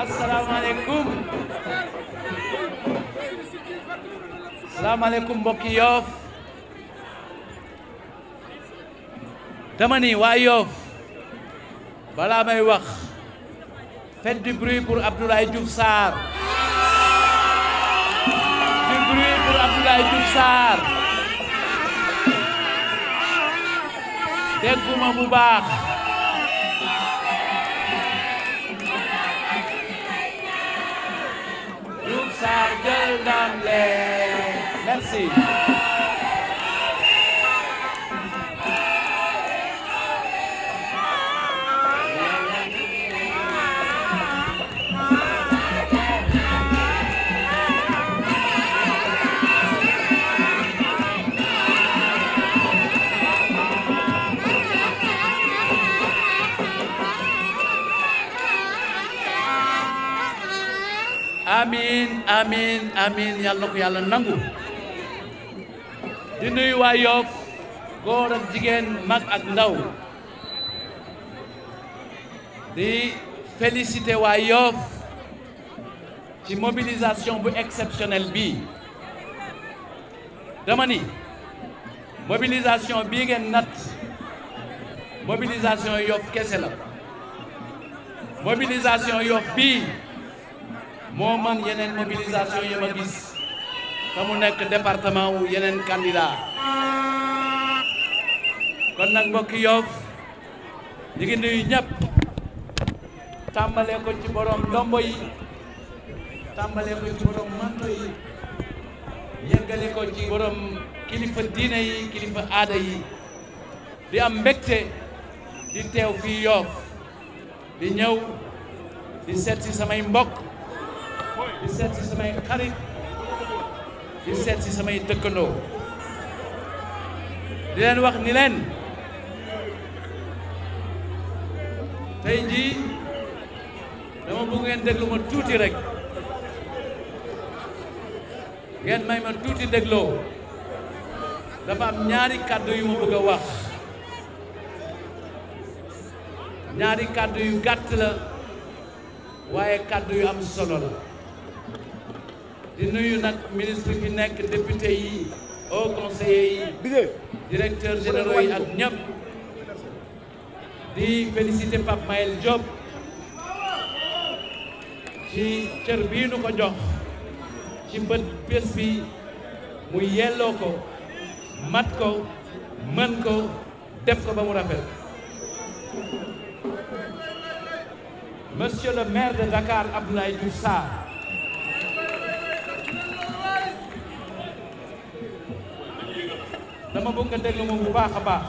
asalaamaaleykum asalaamaaleykum mbokki yoof dama ni waa yoof balaa may wax faites du bruit pour Abdoulaye Diouf Sarr du bruit pour Abdoulaye Diouf Sarr dégguma bu baax Merci. amin amin amin yàlla na ko yàlla nangu di nuyu waa Yoff góor ak jigéen mag ak ndaw di félicité waa Yoff ci mobilisation bu exceptionnelle bi dama ni mobilisation bii nat mobilisation Yoff kese la mobilisation Yoff moo man yeneen mobilisation yi ma gis mu nekk département wu yeneen candidat kon nag mbokki Yoff ñu ngi nuyu ci borom ndombo yi ci borom manto yi ci borom kilifa diine yi kilifa aada yi di am mbégte di teew fi Yoff di ñëw di seet si samay mbokk seet si samay xarit di seet si samay dëkkandoo di leen wax ni leen tey jii dama bëgg ngeen déglu tuuti rek ngeen may ma tuuti dégloo dafa am ñaari kàddu yu ma bëgg a wax ñaari kàddu yu gàtt la waaye kàddu yu am solo la di nuyu nag ministre bi nekk député yi haut conseiller yi directeur généraux ak ñëpp di féliciter Pape Mayel Diop ci cër bii ko jox ci bët bés bi mu yelloo ko mat ko mën ko def ko ba mu rafet monsieur le maire de Dakar Abdoulaye Diouf Sarr dama bëgg nga déglu baax a baax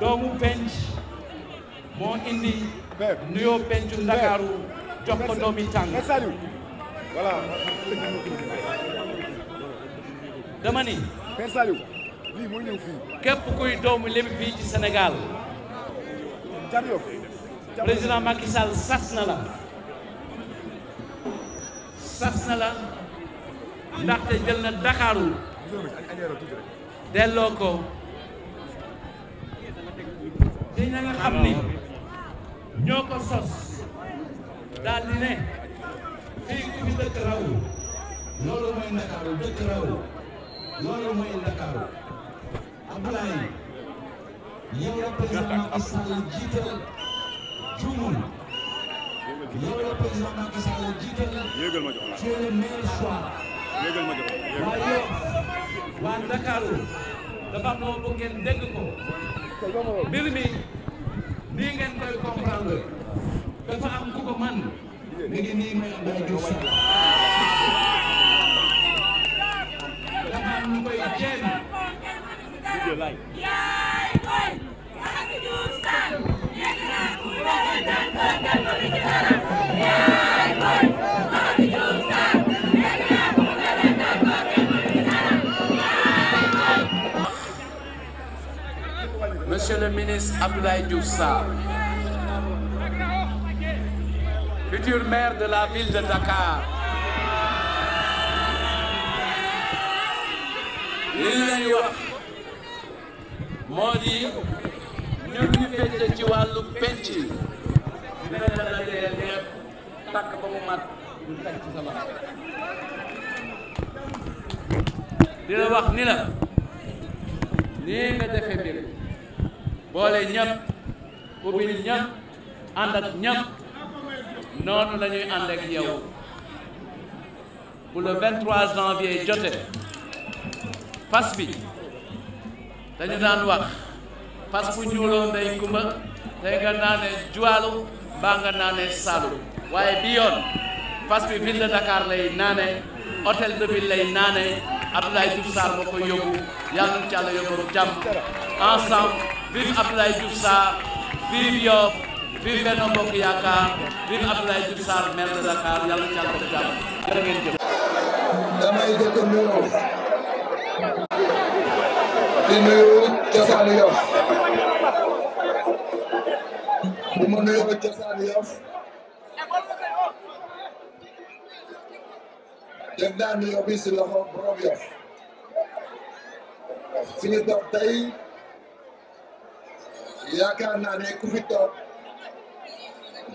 doomu penc moo indi nuyoo pencu Ndakaaru jox ko doomi tàng voilà dama kuy doomu lépp fii ci Sénégal Jariof président sas na la sas na la ndaxte jël na Ndakaaru delloo ko di na xam ni ñoo ko sos daal di ne fii ku fi dëkk raw loolu mooy ndakaaru dëkk raw loolu mooy ndakaaru Abdoulaye yow la président Macky Sall jiital juumul yow la président Macky Sall jiital tu es le meilleur choix waaye waa Ndakaaru dafa am loo bëgg ko mbir nii ngeen koy comprendre dafa am ko man mi ngi nii may Abdoulaye koy jéem ministre Abdoulaye Diouf Sarr futur maire de la ville de Dakar li ñu wax moo di ñun ñu fecc ci wàllu penc dina la dajale lépp takk ba mu mat ñu takk wax ni la nii nga defee mbir boole ñëpp ubbil ñëpp ànd ak ñëpp noonu la ànd ak yow bu le 23 janvier jote fas bi dañu daan wax fas bu ñuuloon day kumba tey nga naane juwaalu mbaa nga naane saalum waaye bi yoon fas bi ville de Dakar lay naane hôtel de ville lay naane Abdoulaye Diouf Sarr moo ko yóbbu yàlla na ci Yàlla yóbbu jàmm ensemble biir Abdoulaye Diouf Sarr biir Yoff biir Benno Bokk Yaakaar biir Abdoulaye Diouf Sarr maire de Dakar yàlla na ko jàmm jërë ngeen jëf. damay jëkk nuyoo di nuyu cosaanu Yoff bu ma nuyoo cosaanu Yoff def naa nuyoo bi si loxo borom Yoff fi ñu toog tey. yaakaar naa ne ku fi toog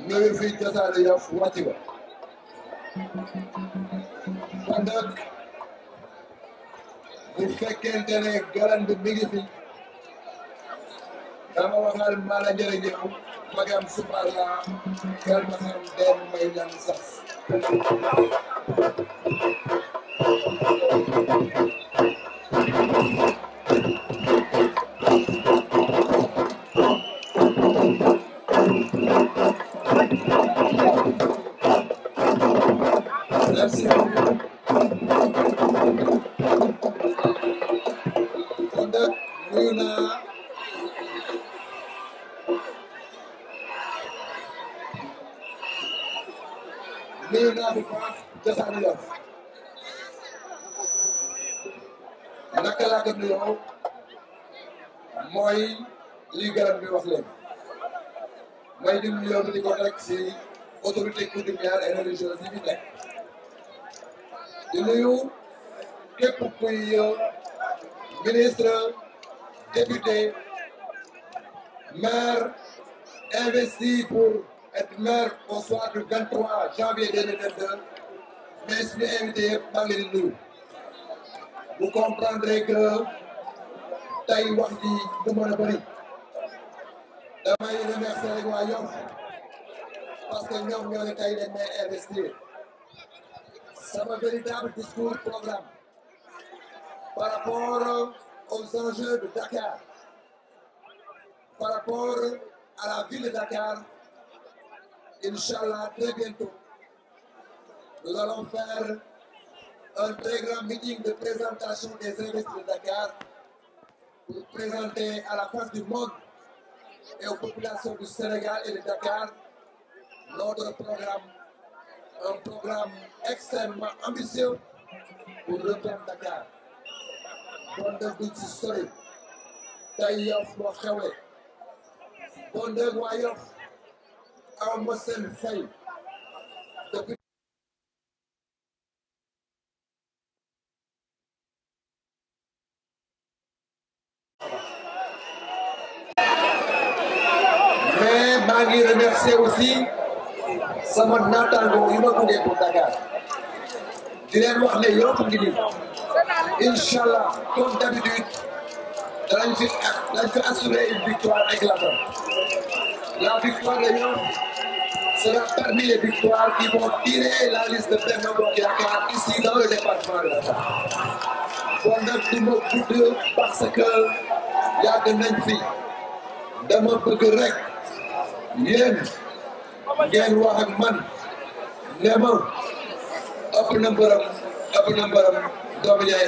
nuyu fi jotaale yow wàcc ba kon nag fekkente ne garan bi mi ngi fi dama waxal maa la jërëjëf magam subala gal magam den may kon nag nuyu naa nuyu naa bu baax Jassane Yoff naka laa gëm mooy li garab bi wax leen mooy dim yow di ko teg si autorité coutumière et religieuse yi fi nekk di nuyu képp kuy euh, ministre député maire investi pour être maire au soir janvier 2022 mais suñu invité yëpp maa ngi que tey wax ji du damay remercier rek waa parce que ñoom ñoo ne tey dañ may investir sama véritable discours programme par rapport aux enjeux de Dakar, par rapport à la ville de Dakar, Inch'Allah, très bientôt, nous allons faire un très grand de présentation des investissements de Dakar pour présenter à la face du monde et aux populations du Sénégal et de Dakar notre programme un programme extrêmement ambitieux pour reprendre Dakar bondeeg bi ci sori tey Yoff boo xewee bondeeg waa Yoff aw ma seen fay depuis mais maa ngi remercier aussi sama naataango yi ma guddee pour Dakar di leen wax ne yokk ngi nii incha allah comme d'habitude fi danañ une victoire éclatante la victoire de Yoff sera parmi les victoires qui vont tirer la liste de Benno Bokk Yakaar ici dans le département de Dakar kon nag du parce que yàgg nañ fi dama bëgg rek yéen. ngeen wax man ne ma ëpp na mbërëm ëpp na mbërëm doomu jaay